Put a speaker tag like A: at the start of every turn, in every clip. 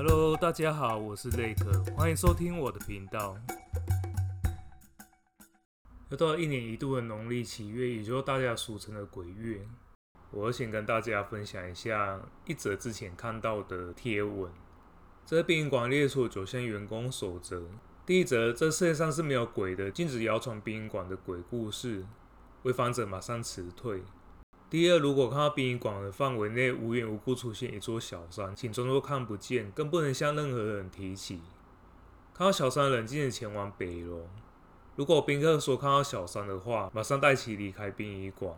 A: Hello，大家好，我是雷克，歡迎收聽我的頻道。又到了一年一度的農曆七月，也就是大家俗稱的鬼月。我先跟大家分享一下一則之前看到的貼文。這是殯儀館列出九項員工守則，第一則：這世界上是沒有鬼的，禁止謠傳殯儀館的鬼故事，違反者馬上辭退。第二，如果看到殯儀館的範圍內無緣無故出現一座小山，請裝作看不見，更不能向任何人提起。看到小山，冷靜地前往北樓。如果賓客說看到小山的話，馬上帶其離開殯儀館。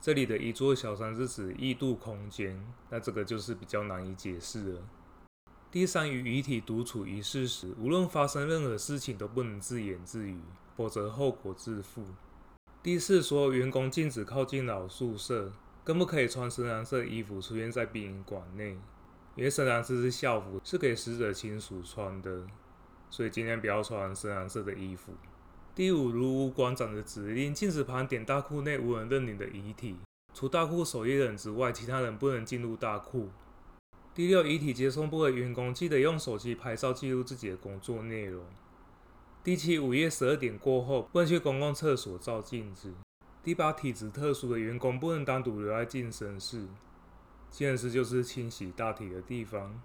A: 這裡的一座小山是指異度空間，那這個就是比較難以解釋了。第三，與遺體獨處一室時，無論發生任何事情都不能自言自語，否則後果自負。第四，所有員工禁止靠近老宿舍，更不可以穿深藍色的衣服出現在殯儀館內，因為深藍色是校服，是給死者親屬穿的，所以今天不要穿深藍色的衣服。第五，如無館長的指令，禁止盤點大庫內無人認領的遺體，除大庫守夜人之外，其他人不能進入大庫。第六，遺體接送部的員工記得用手機拍照記錄自己的工作內容。第七，午夜十二點過後，不能去公共廁所照鏡子。第八，體質特殊的員工不能單獨留在淨身室。淨身室就是清洗大體的地方。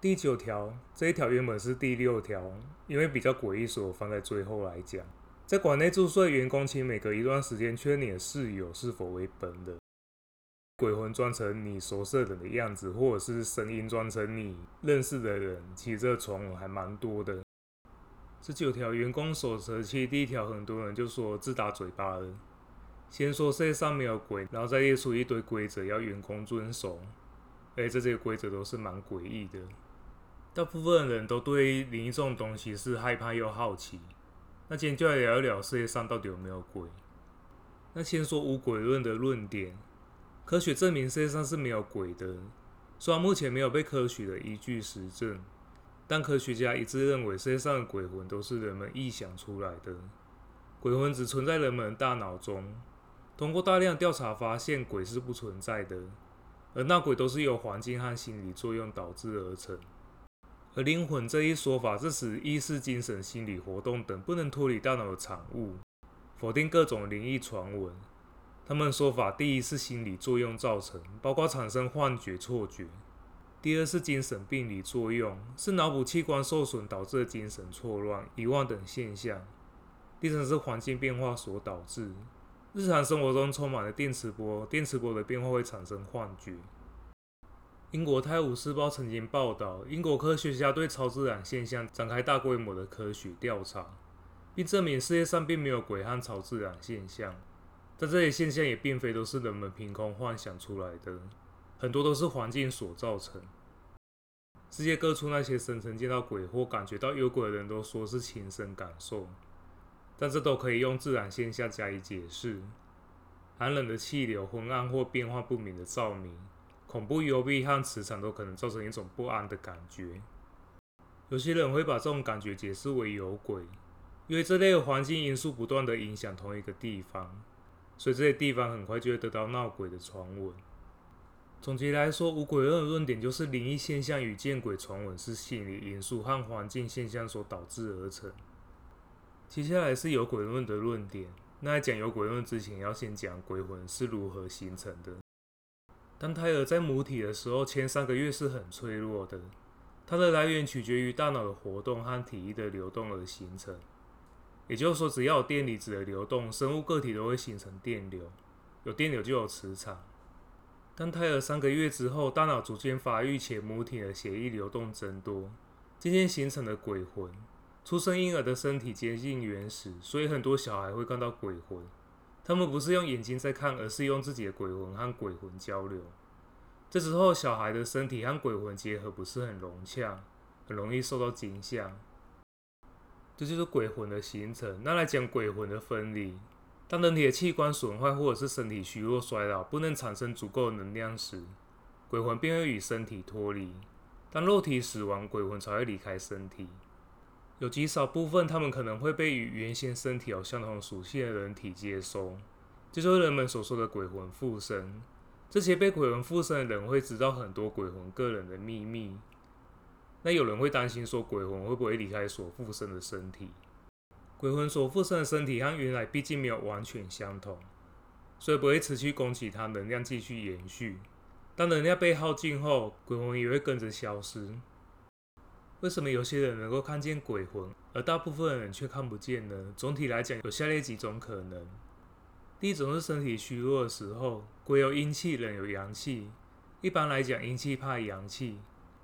A: 第九條，這一條原本是第六條，因為比較詭異，所以我放在最後來講。在館內住宿的員工，請每隔一段時間確認你的室友是否為本人。鬼魂裝成你宿舍人的樣子，或者是聲音裝成你認識的人，其實這傳聞還蠻多的。這九條員工守則，其實第一條很多人就說自打嘴巴了。先說世界上沒有鬼，然後再列出一堆規則要員工遵守，而且這些規則都是蠻詭異的。大部分人都對靈異這種東西是害怕又好奇。那今天就來聊一聊世界上到底有沒有鬼？那先說無鬼論的論點，科學證明世界上是沒有鬼的，雖然目前沒有被科學的依據實證。但科學家一致認為，世界上的鬼魂都是人們臆想出來的，鬼魂只存在人們的大腦中。通過大量調查發現，鬼是不存在的，而鬧鬼都是由環境和心理作用導致而成。而靈魂這一說法，是指意識、精神、心理活動等不能脫離大腦的產物，否定各種靈異傳聞。他們說法：第一是心理作用造成，包括產生幻覺、錯覺。第二是精神病理作用，是腦部器官受損導致的精神錯亂、遺忘等現象。第三是環境變化所導致，日常生活中充滿了電磁波，電磁波的變化會產生幻覺。英國《泰晤士報》曾經報道，英國科學家對超自然現象展開大規模的科學調查，並證明世界上並沒有鬼和超自然現象。但這些現象也並非都是人們憑空幻想出來的。很多都是環境所造成。世界各處那些聲稱見到鬼或感覺到有鬼的人都說是親身感受，但這都可以用自然現象加以解釋。寒冷的氣流、昏暗或變化不明的照明、恐怖幽閉和磁場都可能造成一種不安的感覺。有些人會把這種感覺解釋為有鬼，因為這類的環境因素不斷地影響同一個地方，所以這些地方很快就會得到鬧鬼的傳聞。總結來說，無鬼論的論點就是靈異現象與見鬼傳聞是心理因素和環境現象所導致而成。接下來是有鬼論的論點。那在講有鬼論之前，要先講鬼魂是如何形成的。當胎兒在母體的時候，前三個月是很脆弱的。它的來源取決於大腦的活動和體液的流動而形成。也就是說，只要有電離子的流動，生物個體都會形成電流。有電流就有磁場。當胎兒三個月之後，大腦逐漸發育，且母體的血液流動增多，漸漸形成了鬼魂。出生嬰兒的身體接近原始，所以很多小孩會看到鬼魂。他們不是用眼睛在看，而是用自己的鬼魂和鬼魂交流。這時候小孩的身體和鬼魂結合不是很融洽，很容易受到驚嚇。這就是鬼魂的形成。那來講鬼魂的分離。當人體的器官損壞，或者是身體虛弱、衰老，不能產生足夠的能量時，鬼魂便會與身體脫離。當肉體死亡，鬼魂才會離開身體。有極少部分，他們可能會被與原先身體有相同屬性的人體接收，就，就是人們所說的鬼魂附身。這些被鬼魂附身的人會知道很多鬼魂個人的秘密。那有人會擔心說，鬼魂會不會離開所附身的身體？鬼魂所附身的身體和原來畢竟沒有完全相同，所以不會持續攻擊。它能量繼續延續，當能量被耗盡後，鬼魂也會跟着消失。為什麼有些人能夠看見鬼魂，而大部分的人卻看不見呢？總體來講，有下列幾種可能：第一種是身體虛弱的時候，鬼有陰氣，人有陽氣。一般來講，陰氣怕陽氣，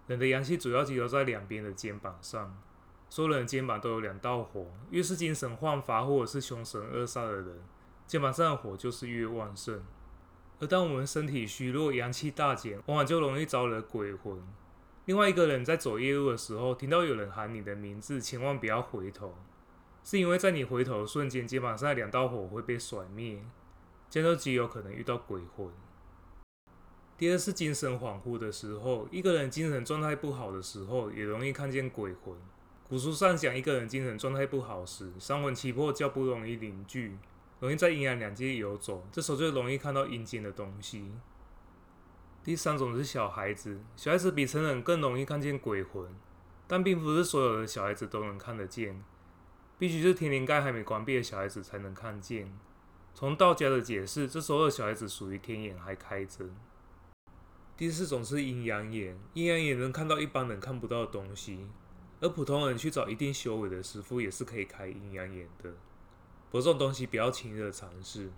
A: 人的陽氣主要集中在兩邊的肩膀上。所有人的肩膀都有兩道火，越是精神煥發或者是凶神惡煞的人，肩膀上的火就是越旺盛。而當我們身體虛弱、陽氣大減，往往就容易招惹鬼魂。另外一個人在走夜路的時候，聽到有人喊你的名字，千萬不要回頭，是因為在你回頭的瞬間，肩膀上的兩道火會被甩滅，這樣就極有可能遇到鬼魂。第二是精神恍惚的時候，一個人精神狀態不好的時候，也容易看見鬼魂。古書上講，一個人精神狀態不好時，三魂七魄較不容易凝聚，容易在陰陽兩界游走，這時候就容易看到陰間的東西。第三種是小孩子，小孩子比成人更容易看見鬼魂，但並不是所有的小孩子都能看得見，必須是天靈蓋還沒關閉的小孩子才能看見。從道家的解釋，這時候的小孩子屬於天眼還開着。第四種是陰陽眼，陰陽眼能看到一般人看不到的東西。而普通人去找一定修為的師傅，也是可以開陰陽眼的。不過這種東西不要輕易的嘗試。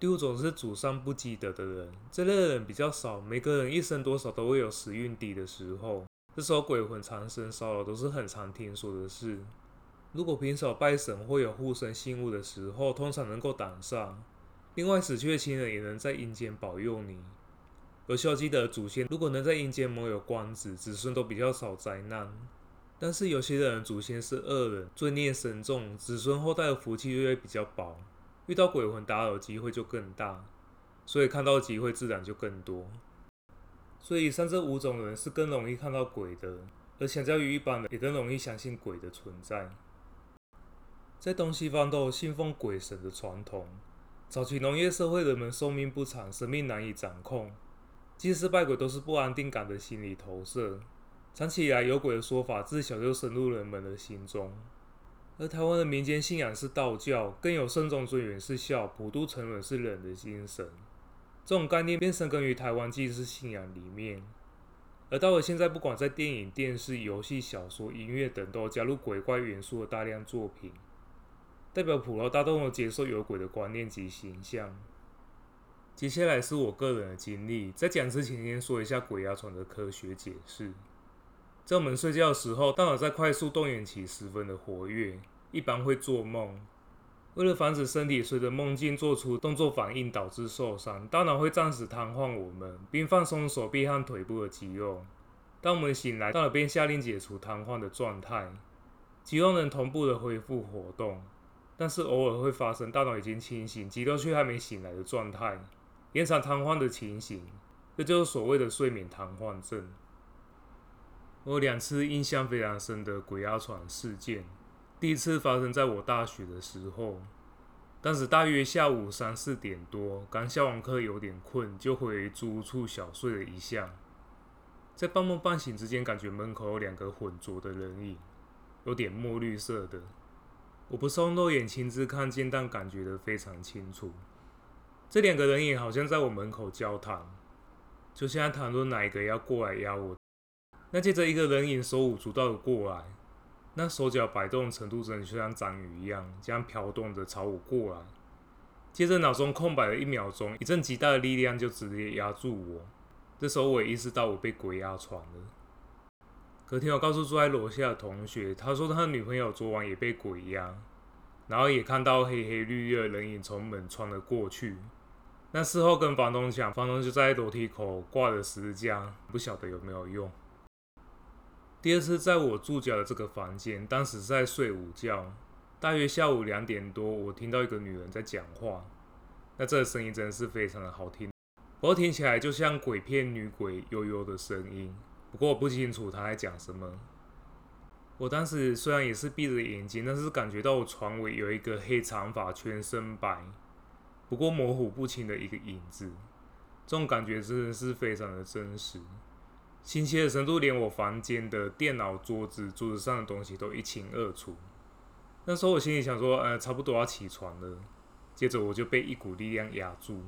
A: 第五種是祖上不積德的人，這類的人比較少。每個人一生多少都會有時運低的時候，這時候鬼魂纏身騷擾都是很常聽說的事。如果平時有拜神或有護身信物的時候，通常能夠擋煞。另外，死去的親人也能在陰間保佑你。而孝敬的祖先，如果能在陰間蒙有光子，子孫都比較少災難。但是有些人祖先是惡人，罪孽深重，子孫後代的福氣又會比較薄，遇到鬼魂打擾機會就更大，所以看到的機會自然就更多。所以，以上這五種人是更容易看到鬼的，而相較於一般的，也更容易相信鬼的存在。在東西方都有信奉鬼神的傳統，早期農業社會，人們壽命不長，生命難以掌控。祭祀拜鬼都是不安定感的心理投射，長期以來有鬼的說法自小就深入人們的心中，而台灣的民間信仰是道教，更有慎終追遠是孝、普渡沉淪是仁的精神，這種概念便深根於台灣祭祀信仰裡面，而到了現在，不管在電影、電視、遊戲、小說、音樂等，都加入鬼怪元素的大量作品，代表普羅大眾都接受有鬼的觀念及形象。接下來是我個人的經歷。在講之前，先說一下鬼壓床的科學解釋。在我們睡覺的時候，大腦在快速動眼期十分的活躍，一般會做夢。為了防止身體隨着夢境做出動作反應導致受傷，大腦會暫時癱瘓我們，並放鬆手臂和腿部的肌肉。當我們醒來，大腦便下令解除癱瘓的狀態，肌肉能同步的恢復活動。但是偶爾會發生大腦已經清醒，肌肉卻還沒醒來的狀態。延長癱瘓的情形，這就是所謂的睡眠癱瘓症。我有兩次印象非常深的鬼壓床事件，第一次發生在我大學的時候，當時大約下午三四點多，剛下完課有點困，就回租處小睡了一下，在半夢半醒之間，感覺門口有兩個渾濁的人影，有點墨綠色的，我不是用肉眼親自看見，但感覺得非常清楚。這兩個人影好像在我門口交談，就現在談論哪一個要過來壓我。那接着一個人影手舞足蹈的過來，那手腳擺動的程度真的就像章魚一樣，這樣飄動着朝我過來。接着腦中空白了一秒鐘，一陣極大的力量就直接壓住我。這時候我也意識到我被鬼壓床了。隔天我告訴住在樓下的同學，他說他的女朋友昨晚也被鬼壓，然後也看到黑黑綠綠的人影從門穿了過去。那事後跟房東講，房東就在樓梯口掛了十字架，不曉得有沒有用。第二次在我住家的這個房間，當時是在睡午覺，大約下午兩點多，我聽到一個女人在講話。那這個聲音真的是非常的好聽，不過聽起來就像鬼片女鬼悠悠的聲音。不過我不清楚她在講什麼。我當時雖然也是閉着眼睛，但是感覺到我床尾有一個黑長髮，全身白。不過模糊不清的一個影子，這種感覺真的是非常的真實，清晰的程度連我房間的電腦桌子桌子上的東西都一清二楚。那時候我心裡想說，呃，差不多要起床了，接着我就被一股力量壓住。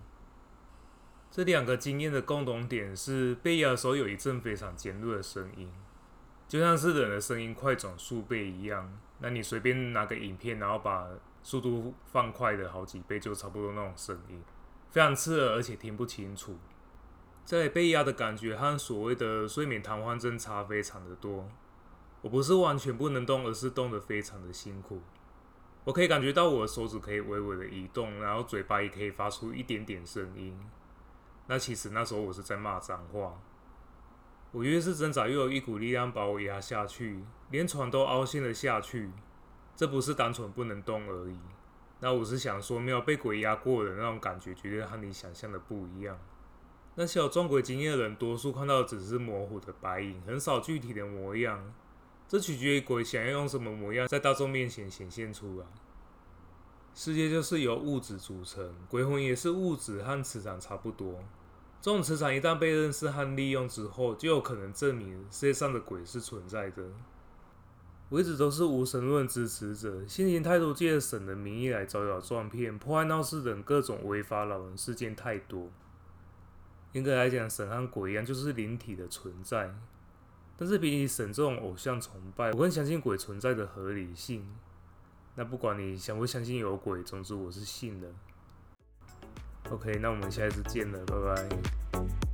A: 這兩個經驗的共同點是，被壓的時候有一陣非常尖銳的聲音，就像是人的聲音快轉數倍一樣。那你隨便拿個影片，然後把速度放快了好幾倍，就差不多那種聲音，非常刺耳，而且聽不清楚。這裡被壓的感覺和所謂的睡眠癱瘓症差非常的多。我不是完全不能動，而是動得非常的辛苦。我可以感覺到我的手指可以微微的移動，然後嘴巴也可以發出一點點聲音。那其實那時候我是在罵髒話。我越是掙扎，又有一股力量把我壓下去，連床都凹陷了下去。這不是單純不能動而已。那我是想說，沒有被鬼壓過的那種感覺，絕對和你想象的不一樣。那些有撞鬼經驗的人，多數看到的只是模糊的白影，很少具體的模樣。這取決於鬼想要用什麼模樣在大眾面前顯現出來。世界就是由物質組成，鬼魂也是物質和磁場差不多。這種磁場一旦被認識和利用之後，就有可能證明世界上的鬼是存在的。我一直都是無神論支持者，現今太多借神的名義來招搖撞騙、破壞鬧事等各種違法擾人事件太多。嚴格來講，神和鬼一樣，就是靈體的存在。但是比起神這種偶像崇拜，我更相信鬼存在的合理性。那不管你相不相信有鬼，總之我是信的。OK，那我們下一次見了，拜拜。